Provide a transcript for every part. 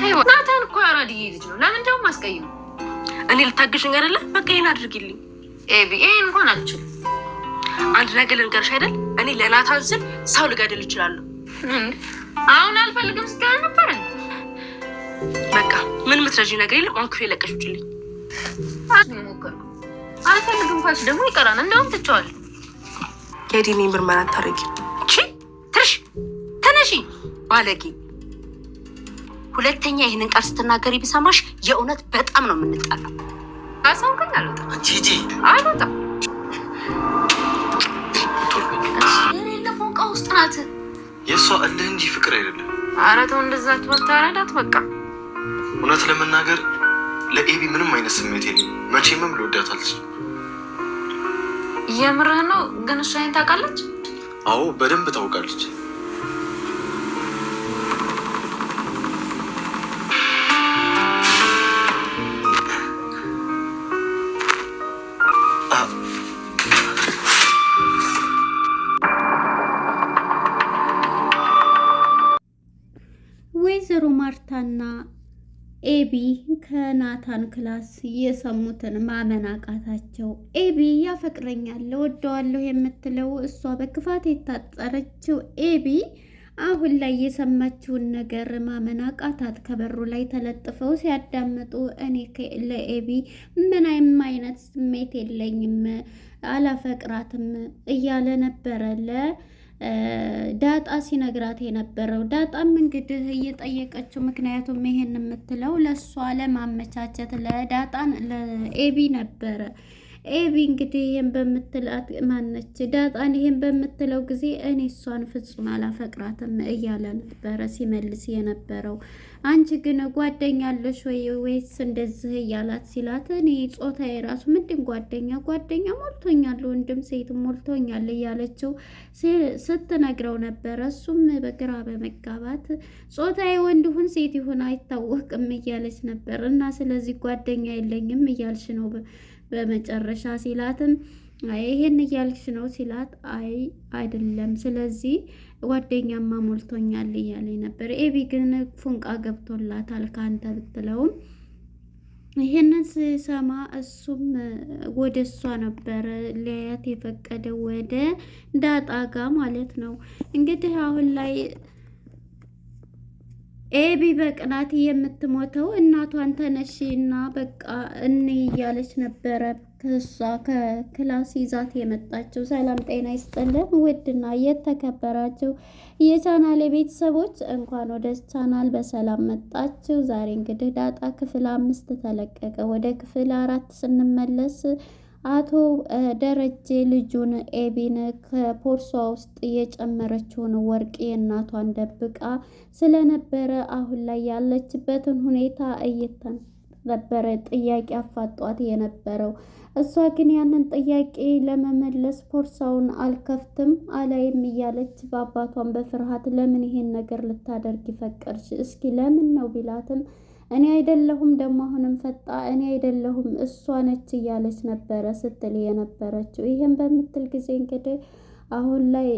ናታን እኮ አራድዬ ልጅ ነው። ለምን ደሞ አስቀይም? እኔ ልታግሽኝ አይደለ? በቃ አድርግልኝ ኤቢ። ይህን እንኳን አልችልም። አንድ ነገር ልንገርሽ አይደል? እኔ ለናታን ስል ሰው ልገድል እችላለሁ። አሁን አልፈልግም ስትል ነበረ። በቃ ምን ምትረጂ ነገር የለም። አሁን ክፍሌ ለቀሽ ውጭልኝ። አልፈልግም ካልሽ ደግሞ ይቀራል። እንደውም ትቸዋለሁ። የዲኒ ምርመራ ታደረጊ ትርሽ ተነሺ ባለጌ ሁለተኛ ይህንን ቃል ስትናገሪ ቢሰማሽ የእውነት በጣም ነው የምንጣላው። አሳውቅኝ አልወጣም፣ አልወጣም። ፎንቃ ውስጥ ናት። የእሷ እልህ እንጂ ፍቅር አይደለም። ኧረ ተው እንደዛ ትበርታ። ረዳት በቃ እውነት ለመናገር ለኤቢ ምንም አይነት ስሜት የለም። መቼምም ልወዳት አልችልም። የምርህ ነው ግን እሷ ይህን ታውቃለች። አዎ በደንብ ታውቃለች። ኤቢ ከናታን ክላስ የሰሙትን ማመን አቃታቸው። ኤቢ ያፈቅረኛል፣ እወደዋለሁ የምትለው እሷ በክፋት የታጠረችው ኤቢ አሁን ላይ የሰማችውን ነገር ማመን አቃታት። ከበሩ ላይ ተለጥፈው ሲያዳምጡ እኔ ለኤቢ ምንም አይነት ስሜት የለኝም፣ አላፈቅራትም እያለ ነበረ ለ ዳጣ ሲነግራት የነበረው። ዳጣም እንግዲህ እየጠየቀችው፣ ምክንያቱም ይሄን የምትለው ለእሷ ለማመቻቸት ለዳጣን ለኤቢ ነበረ። ኤቢ እንግዲህ ይሄን በምትላት ማነች ዳጣን ይሄን በምትለው ጊዜ እኔ እሷን ፍጹም አላፈቅራትም እያለ ነበረ ሲመልስ የነበረው። አንቺ ግን ጓደኛለሽ ወይ ወይስ እንደዚህ እያላት ሲላት እኔ ጾታ የራሱ ምንድን ጓደኛ ጓደኛ ሞልቶኛል፣ ወንድም ሴት ሞልቶኛል እያለችው ስትነግረው ነበረ። እሱም በግራ በመጋባት ጾታዬ ወንድ ይሁን ሴት ይሁን አይታወቅም እያለች ነበር እና ስለዚህ ጓደኛ የለኝም እያልሽ ነው በመጨረሻ ሲላትም ይሄን እያልሽ ነው ሲላት፣ አይ አይደለም፣ ስለዚህ ጓደኛማ ሞልቶኛል እያለኝ ነበር። ኤቢ ግን ፉንቃ ገብቶላታል ከአንተ ብትለውም ይሄንን ሲሰማ እሱም ወደ እሷ ነበረ ሊያያት የፈቀደ ወደ ዳጣ ጋ ማለት ነው እንግዲህ አሁን ላይ ኤቢ በቅናት የምትሞተው እናቷን ተነሺ እና በቃ እኔ እያለች ነበረ ከሷ ከክላስ ይዛት የመጣችው። ሰላም ጤና ይስጥልን ውድና የተከበራችሁ የቻናል ቤተሰቦች እንኳን ወደ ቻናል በሰላም መጣችሁ። ዛሬ እንግዲህ ዳጣ ክፍል አምስት ተለቀቀ። ወደ ክፍል አራት ስንመለስ አቶ ደረጀ ልጁን ኤቢን ከፖርሷ ውስጥ የጨመረችውን ወርቅ የእናቷን ደብቃ ስለነበረ አሁን ላይ ያለችበትን ሁኔታ ነበረ ጥያቄ አፋጧት የነበረው። እሷ ግን ያንን ጥያቄ ለመመለስ ፖርሳውን አልከፍትም አላይም እያለች በአባቷን በፍርሃት ለምን ይሄን ነገር ልታደርግ ይፈቀድች? እስኪ ለምን ነው ቢላትም እኔ አይደለሁም ደግሞ አሁንም ፈጣ እኔ አይደለሁም እሷ ነች እያለች ነበረ ስትል የነበረችው። ይህም በምትል ጊዜ እንግዲህ አሁን ላይ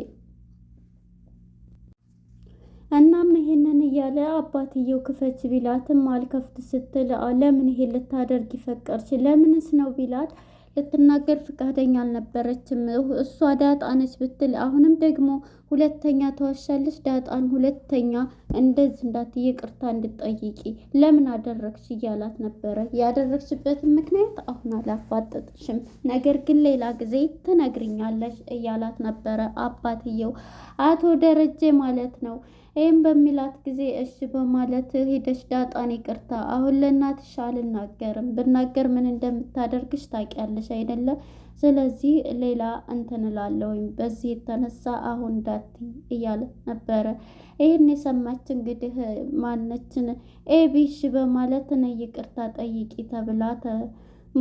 እናም ይሄንን እያለ አባትየው ክፈች ቢላትም አልከፍት ስትል ለምን ይሄ ልታደርግ ይፈቀርች ለምንስ ነው ቢላት ልትናገር ፍቃደኛ አልነበረችም። እሷ ዳጣ ነች ብትል አሁንም ደግሞ ሁለተኛ ተወሻለሽ ዳጣን ሁለተኛ እንደዚህ እንዳትዬ ቅርታ እንድጠይቂ ለምን አደረግሽ እያላት ነበረ። ያደረግሽበትን ምክንያት አሁን አላፋጠጥሽም፣ ነገር ግን ሌላ ጊዜ ትነግርኛለሽ እያላት ነበረ አባትየው አቶ ደረጀ ማለት ነው። ይህም በሚላት ጊዜ እሺ በማለት ሄደች ዳጣን ይቅርታ፣ አሁን ለእናትሽ አልናገርም፣ ብናገር ምን እንደምታደርግሽ ታውቂያለሽ አይደለም ስለዚህ ሌላ እንትን እላለሁኝ በዚህ የተነሳ አሁን ዳቲ እያለ ነበረ። ይህን የሰማች እንግዲህ ማነችን ኤቢሽ በማለት ነ ይቅርታ ጠይቂ ተብላ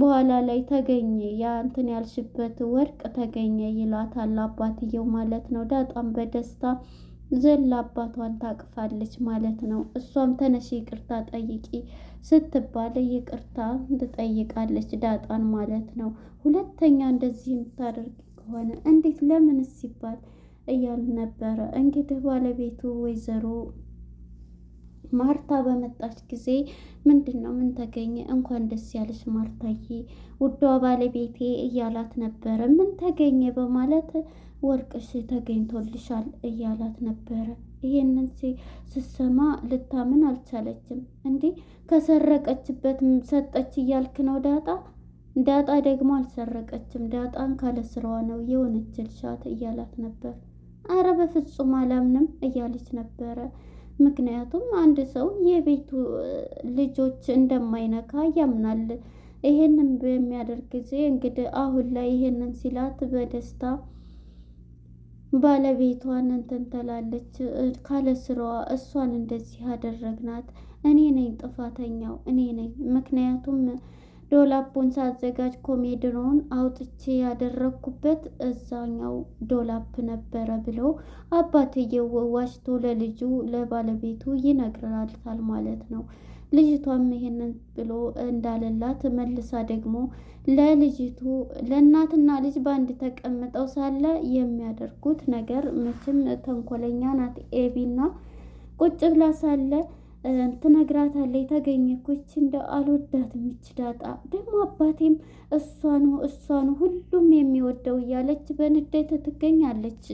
በኋላ ላይ ተገኘ ያ እንትን ያልሽበት ወርቅ ተገኘ ይላታል አባትየው ማለት ነው። ዳጣም በደስታ ዘላ አባቷን ታቅፋለች ማለት ነው። እሷም ተነሽ ይቅርታ ጠይቂ ስትባል ይቅርታ ትጠይቃለች ዳጣን ማለት ነው። ሁለተኛ እንደዚህ የምታደርግ ከሆነ እንዴት ለምንስ ሲባል እያሉ ነበረ። እንግዲህ ባለቤቱ ወይዘሮ ማርታ በመጣች ጊዜ ምንድን ነው ምን ተገኘ? እንኳን ደስ ያለች ማርታዬ፣ ውዷ ባለቤቴ እያላት ነበረ። ምን ተገኘ በማለት ወርቅሽ ተገኝቶልሻል እያላት ነበረ። ይህንን ስሰማ ልታምን አልቻለችም። እንዲህ ከሰረቀችበት ሰጠች እያልክ ነው ዳጣ? ዳጣ ደግሞ አልሰረቀችም፣ ዳጣን ካለ ስራዋ ነው የወነጀልሻት እያላት ነበር። አረ በፍጹም አላምንም እያለች ነበረ። ምክንያቱም አንድ ሰው የቤቱ ልጆች እንደማይነካ ያምናል። ይሄንን በሚያደርግ ጊዜ እንግዲህ አሁን ላይ ይሄንን ሲላት በደስታ ባለቤቷን እንትን ትላለች ካለ ስራዋ እሷን እንደዚህ ያደረግናት እኔ ነኝ ጥፋተኛው እኔ ነኝ ምክንያቱም ዶላፑን ሳዘጋጅ ኮሜድሮን አውጥቼ ያደረግኩበት እዛኛው ዶላፕ ነበረ ብሎ አባትየው ዋሽቶ ለልጁ ለባለቤቱ ይነግራታል ማለት ነው ልጅቷም ይሄንን ብሎ እንዳለላት መልሳ ደግሞ ለልጅቱ ለእናትና ልጅ በአንድ ተቀምጠው ሳለ የሚያደርጉት ነገር መቼም ተንኮለኛ ናት። ኤቢና ቁጭ ብላ ሳለ ትነግራታለች። ተገኘኩች እንደ አልወዳት ይች ደግሞ አባቴም እሷኑ እሷኑ ሁሉም የሚወደው እያለች በንዴት ትገኛለች።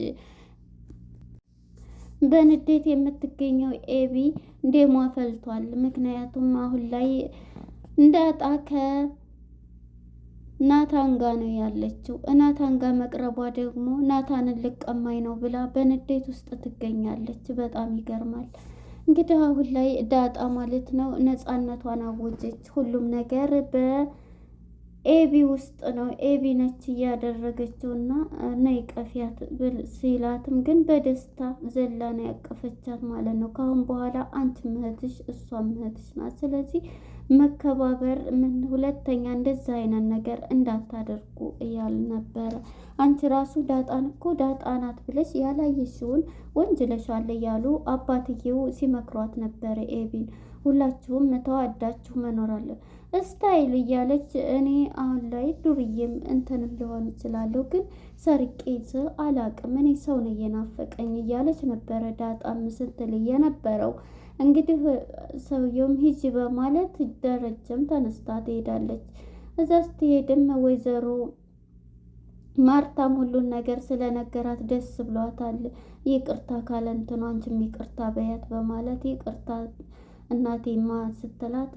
በንዴት የምትገኘው ኤቢ ደሟ ፈልቷል። ምክንያቱም አሁን ላይ እንዳጣ ከናታን ጋ ነው ያለችው። እናታንጋ ጋ መቅረቧ ደግሞ ናታንን ልቀማኝ ነው ብላ በንዴት ውስጥ ትገኛለች። በጣም ይገርማል። እንግዲህ አሁን ላይ ዳጣ ማለት ነው ነፃነቷን አወጀች። ሁሉም ነገር በ ኤቢ ውስጥ ነው። ኤቢ ነች እያደረገችው እና ነይ ቀፊያት ብል ሲላትም ግን በደስታ ዘላ ነው ያቀፈቻት ማለት ነው። ካሁን በኋላ አንቺ ምህትሽ እሷ ምህትሽ ናት። ስለዚህ መከባበር ምን ሁለተኛ እንደዛ አይነት ነገር እንዳታደርጉ እያል ነበረ። አንቺ ራሱ ዳጣን እኮ ዳጣናት ብለሽ ያላየሽውን ወንጅለሻል እያሉ አባትዬው ሲመክሯት ነበረ ኤቢን። ሁላችሁም ተዋዳችሁ መኖር አለን ስታይል እያለች እኔ አሁን ላይ ዱርዬም እንትንም ሊሆን ይችላለሁ፣ ግን ሰርቄዝ ይዘ አላቅም እኔ ሰው ነው እየናፈቀኝ እያለች ነበረ ዳጣም ስትል የነበረው። እንግዲህ ሰውየውም ሂጂ በማለት ደረጀም ተነስታ ትሄዳለች። እዛ ስትሄድም ወይዘሮ ማርታም ሁሉን ነገር ስለነገራት ደስ ብሏታል። ይቅርታ ካለ እንትኗ አንቺም ይቅርታ በያት በማለት ይቅርታ እናቴማ ስትላት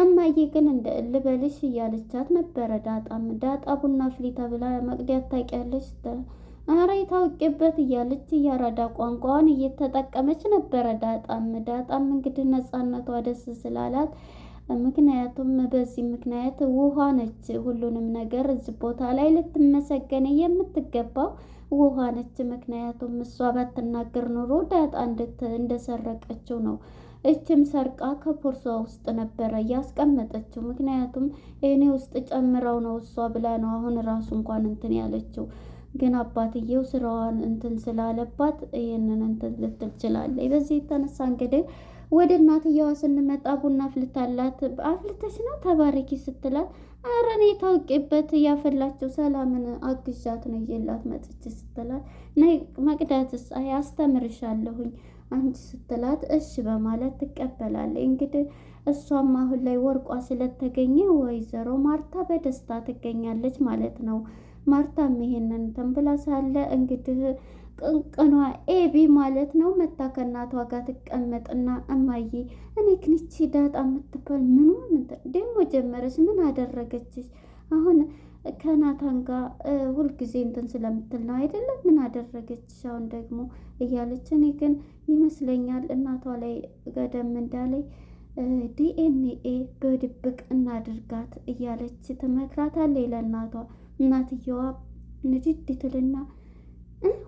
እማዬ ግን እንደ ልበልሽ እያለቻት ነበረ። ዳጣም ዳጣ ቡና ፍሊታ ብላ መቅዲያት ታውቂያለሽ፣ ኧረ የታውቂበት እያለች እያራዳ ቋንቋዋን እየተጠቀመች ነበረ። ዳጣም ዳጣም እንግዲህ ነፃነቷ ደስ ስላላት ምክንያቱም በዚህ ምክንያት ውሃ ነች ሁሉንም ነገር እዚህ ቦታ ላይ ልትመሰገን የምትገባው ውሃ ነች። ምክንያቱም እሷ ባትናገር ኑሮ ዳጣ እንደሰረቀችው ነው እችም ሰርቃ ከፖርሷ ውስጥ ነበረ ያስቀመጠችው። ምክንያቱም እኔ ውስጥ ጨምረው ነው እሷ ብላ ነው አሁን ራሱ እንኳን እንትን ያለችው። ግን አባትየው ስራዋን እንትን ስላለባት ይህንን እንትን ልትል ችላለች። በዚህ የተነሳ እንግዲህ ወደ እናትየዋ ስንመጣ ቡና አፍልታላት አፍልተሽ ነው ተባረኪ ስትላት፣ ኧረ እኔ ታውቂበት ያፈላችው ሰላምን አግዣት ነው የላት መጥቼ ስትላት፣ መቅዳትስ አይ አስተምርሻለሁኝ አንቺ ስትላት እሺ በማለት ትቀበላለች። እንግዲህ እሷም አሁን ላይ ወርቋ ስለተገኘ ወይዘሮ ማርታ በደስታ ትገኛለች ማለት ነው። ማርታም ይሄንን ተንብላ ሳለ እንግዲህ ቅንቅኗ ኤቢ ማለት ነው መታ ከእናቷ ጋር ትቀመጥና እማዬ እኔ ክንቺ ዳጣ የምትባል ምን ደግሞ ጀመረች ምን አደረገችሽ አሁን ከናታን ጋር ሁልጊዜ እንትን ስለምትል ነው አይደለም? ምን አደረገች አሁን ደግሞ እያለች እኔ ግን ይመስለኛል እናቷ ላይ ገደም እንዳለኝ ዲኤንኤ በድብቅ እናድርጋት እያለች ትመክራታለች ለእናቷ። እናትየዋ ንድድ ትልና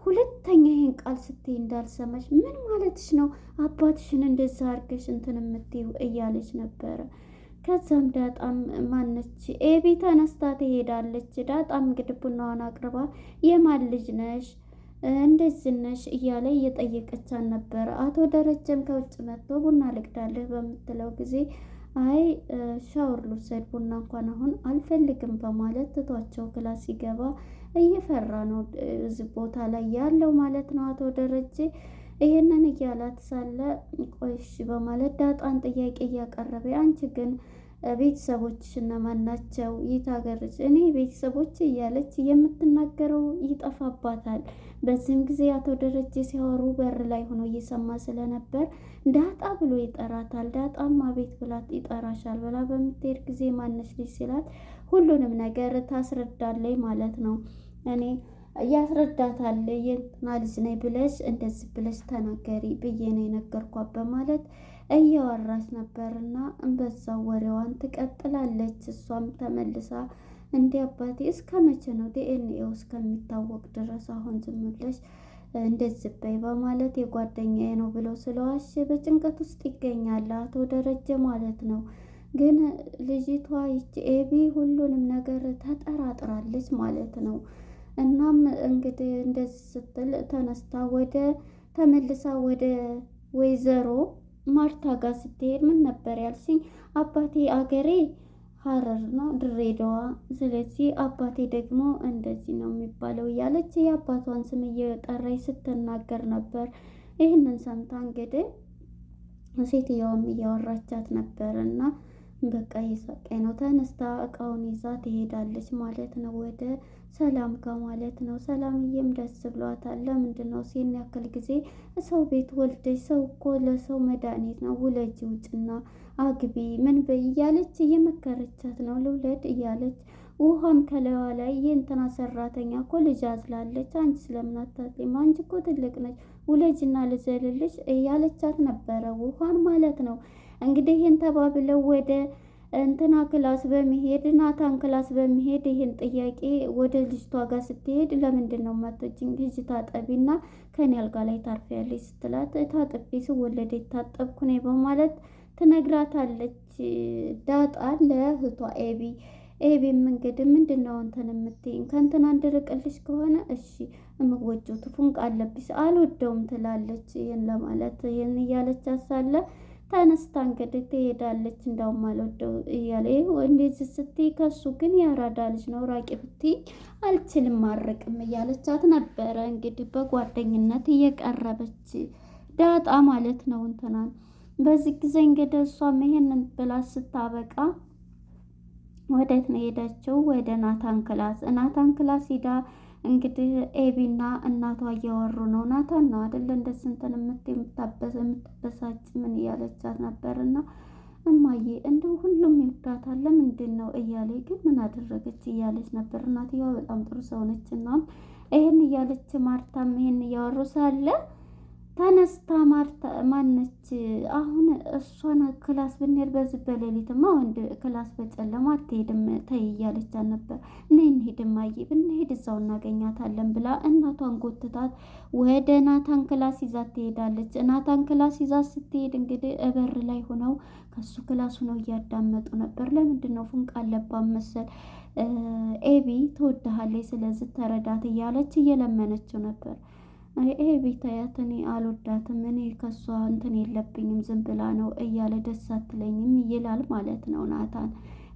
ሁለተኛ ይህን ቃል ስትይ እንዳልሰማች ምን ማለትሽ ነው አባትሽን እንደዛ አድርገሽ እንትን የምትይው እያለች ነበረ። ከዛም ዳጣም ማነች ኤቢ ተነስታ ትሄዳለች። ዳጣም እንግዲህ ቡናዋን አቅርባ የማን ልጅ ነሽ እንደዚህ ነሽ እያለ እየጠየቀቻን ነበር። አቶ ደረጀም ከውጭ መጥቶ ቡና ልቅዳልህ በምትለው ጊዜ አይ ሻወር ልውሰድ ቡና እንኳን አሁን አልፈልግም በማለት ትቷቸው ክላስ ሲገባ እየፈራ ነው እዚህ ቦታ ላይ ያለው ማለት ነው አቶ ደረጀ ይህንን እያላት ሳለ ቆይሽ በማለት ዳጣን ጥያቄ እያቀረበ አንቺ ግን ቤተሰቦች እነማን ናቸው? እኔ ቤተሰቦች እያለች የምትናገረው ይጠፋባታል። በዚህም ጊዜ አቶ ደረጀ ሲያወሩ በር ላይ ሆኖ እየሰማ ስለነበር ዳጣ ብሎ ይጠራታል። ዳጣም አቤት ብላት ይጠራሻል ብላ በምትሄድ ጊዜ ማነች ልጅ ሲላት ሁሉንም ነገር ታስረዳለይ ማለት ነው እኔ ያስረዳታል። የእንትና ልጅ ነኝ ብለሽ እንደዚህ ብለሽ ተናገሪ ብዬ ነው የነገርኳት በማለት እያወራች ነበርና በዛው ወሬዋን ትቀጥላለች። እሷም ተመልሳ እንዲ አባቴ እስከ መቼ ነው ዲኤንኤው እስከሚታወቅ ድረስ አሁን ዝም ብለሽ እንደዚህ በይ በማለት የጓደኛዬ ነው ብለው ስለዋሽ በጭንቀት ውስጥ ይገኛል አቶ ደረጀ ማለት ነው። ግን ልጅቷ ይች ኤቢ ሁሉንም ነገር ተጠራጥራለች ማለት ነው። እናም እንግዲህ እንደዚህ ስትል ተነስታ ወደ ተመልሳ ወደ ወይዘሮ ማርታ ጋር ስትሄድ ምን ነበር ያልሽኝ? አባቴ አገሬ ሀረር ነው ድሬዳዋ። ስለዚህ አባቴ ደግሞ እንደዚህ ነው የሚባለው እያለች የአባቷን ስም እየጠራች ስትናገር ነበር። ይህንን ሰምታ እንግዲህ ሴትየዋም እያወራቻት ነበር እና በቃ የሳቀኝ ነው ተነስታ እቃውን ይዛ ትሄዳለች ማለት ነው ወደ ሰላም ከማለት ማለት ነው። ሰላምዬም ደስ ብሏታል። ለምንድን ነው ሲን ያክል ጊዜ ሰው ቤት ወልደች? ሰው እኮ ለሰው መድኃኒት ነው። ውለጅ ውጭና አግቢ ምን በይ እያለች እየመከረቻት ነው። ልውለድ እያለች ውሃም ከለዋ ላይ የእንትና ሰራተኛ እኮ ልጅ አዝላለች። አንቺ ስለምን አታጥም? አንቺ እኮ ትልቅ ነች፣ ውለጅና ልዘልልሽ እያለቻት ነበረ። ውሃን ማለት ነው እንግዲህ ይህን ተባብለው ወደ እንትና ክላስ በመሄድ ናታን ክላስ በመሄድ ይህን ጥያቄ ወደ ልጅቷ ጋር ስትሄድ ለምንድን ነው ማቶችን ልጅ ታጠቢና ከኔ አልጋ ላይ ታርፊያለች ስትላት ታጥቤ ስወለድ ታጠብኩ ነኝ በማለት ትነግራታለች። ዳጣ ለእህቷ ኤቢ ኤቢም እንግዲህ ምንድን ነው እንትን የምትይኝ ከእንትና እንድርቅልሽ ከሆነ እሺ እምወጪው ትፉንቅ አለብሽ አልወደውም ትላለች። ይህን ለማለት ይህን እያለች አሳለ ተነስታ እንግዲህ ትሄዳለች። እንዳውም አልወደው እያለ እንደዚህ ስትይ ከሱ ግን ያራዳ ልጅ ነው ራቂ ብትይ አልችልም አርቅም እያለቻት ነበረ። እንግዲህ በጓደኝነት እየቀረበች ዳጣ ማለት ነው እንትናን በዚህ ጊዜ እንግዲህ እሷም ይሄንን ብላ ስታበቃ ወደት ነው ሄደችው? ወደ ናታን ክላስ ናታን ክላስ ሂዳ እንግዲህ ኤቢና እናቷ እያወሩ ነው። ናታን ነው አደለ እንደ ስንትን የምትምታበሰ የምትበሳጭ ምን እያለቻት ነበርና እማዬ እንደው ሁሉም ይወዳታል ለምንድን ነው እያለ ግን ምን አደረገች እያለች ነበር። እናትየዋ በጣም ጥሩ ሰው ነች። እናም ይህን እያለች ማርታም ይህን እያወሩ ሳለ ተነስታ ማርታ ማነች አሁን እሷን ክላስ ብንሄድ በዚህ በሌሊትማ ወንድ ክላስ በጨለማ አትሄድም ተይ እያለቻት ነበር። ነይ እንሂድማ ብንሄድ እዛው እናገኛታለን ብላ እናቷን ጎትታት ወደ ናታን ክላስ ይዛት ትሄዳለች። ናታን ክላስ ይዛ ስትሄድ እንግዲህ እበር ላይ ሆነው ከሱ ክላስ ሆነው እያዳመጡ ነበር። ለምንድን ነው ፉንቃ አለባት መሰል ኤቢ ትወድሃለች፣ ስለዚህ ተረዳት እያለች እየለመነችው ነበር ይሄ ቤት አያት እኔ አልወዳትም፣ እኔ ከሷ እንትን የለብኝም፣ ዝም ብላ ነው እያለ ደስ አትለኝም ይላል ማለት ነው ናታን።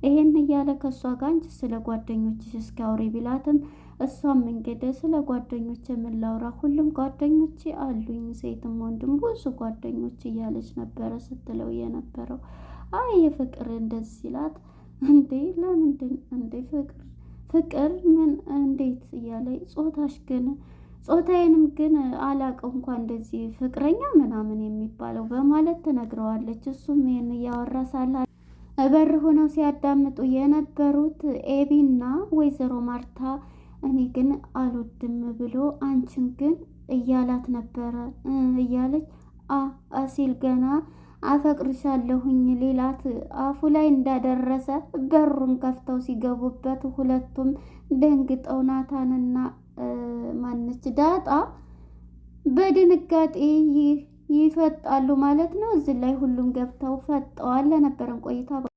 ይሄን እያለ ከእሷ ጋር አንቺ ስለ ጓደኞችሽ እስኪያውሪ ቢላትም እሷም መንገደ ስለ ጓደኞች የምላውራ ሁሉም ጓደኞቼ አሉኝ፣ ሴትም ወንድም ብዙ ጓደኞች እያለች ነበረ ስትለው የነበረው። አይ የፍቅር እንደዚህ ሲላት እንዴ ለምንድን እንዴ ፍቅር ፍቅር ምን እንዴት እያለ ጾታሽ ግን ጾታዬንም ግን አላቀው እንኳ እንደዚህ ፍቅረኛ ምናምን የሚባለው በማለት ትነግረዋለች። እሱም ይህን እያወራ ሳለ በር ሆነው ሲያዳምጡ የነበሩት ኤቢና ወይዘሮ ማርታ እኔ ግን አልወድም ብሎ አንቺን ግን እያላት ነበረ እያለች አሲል ገና አፈቅርሻለሁኝ ሌላት አፉ ላይ እንዳደረሰ በሩን ከፍተው ሲገቡበት ሁለቱም ደንግጠው ናታንና ማነች ዳጣ በድንጋጤ ይፈጣሉ ማለት ነው። እዚህ ላይ ሁሉም ገብተው ፈጠዋል። ለነበረን ቆይታ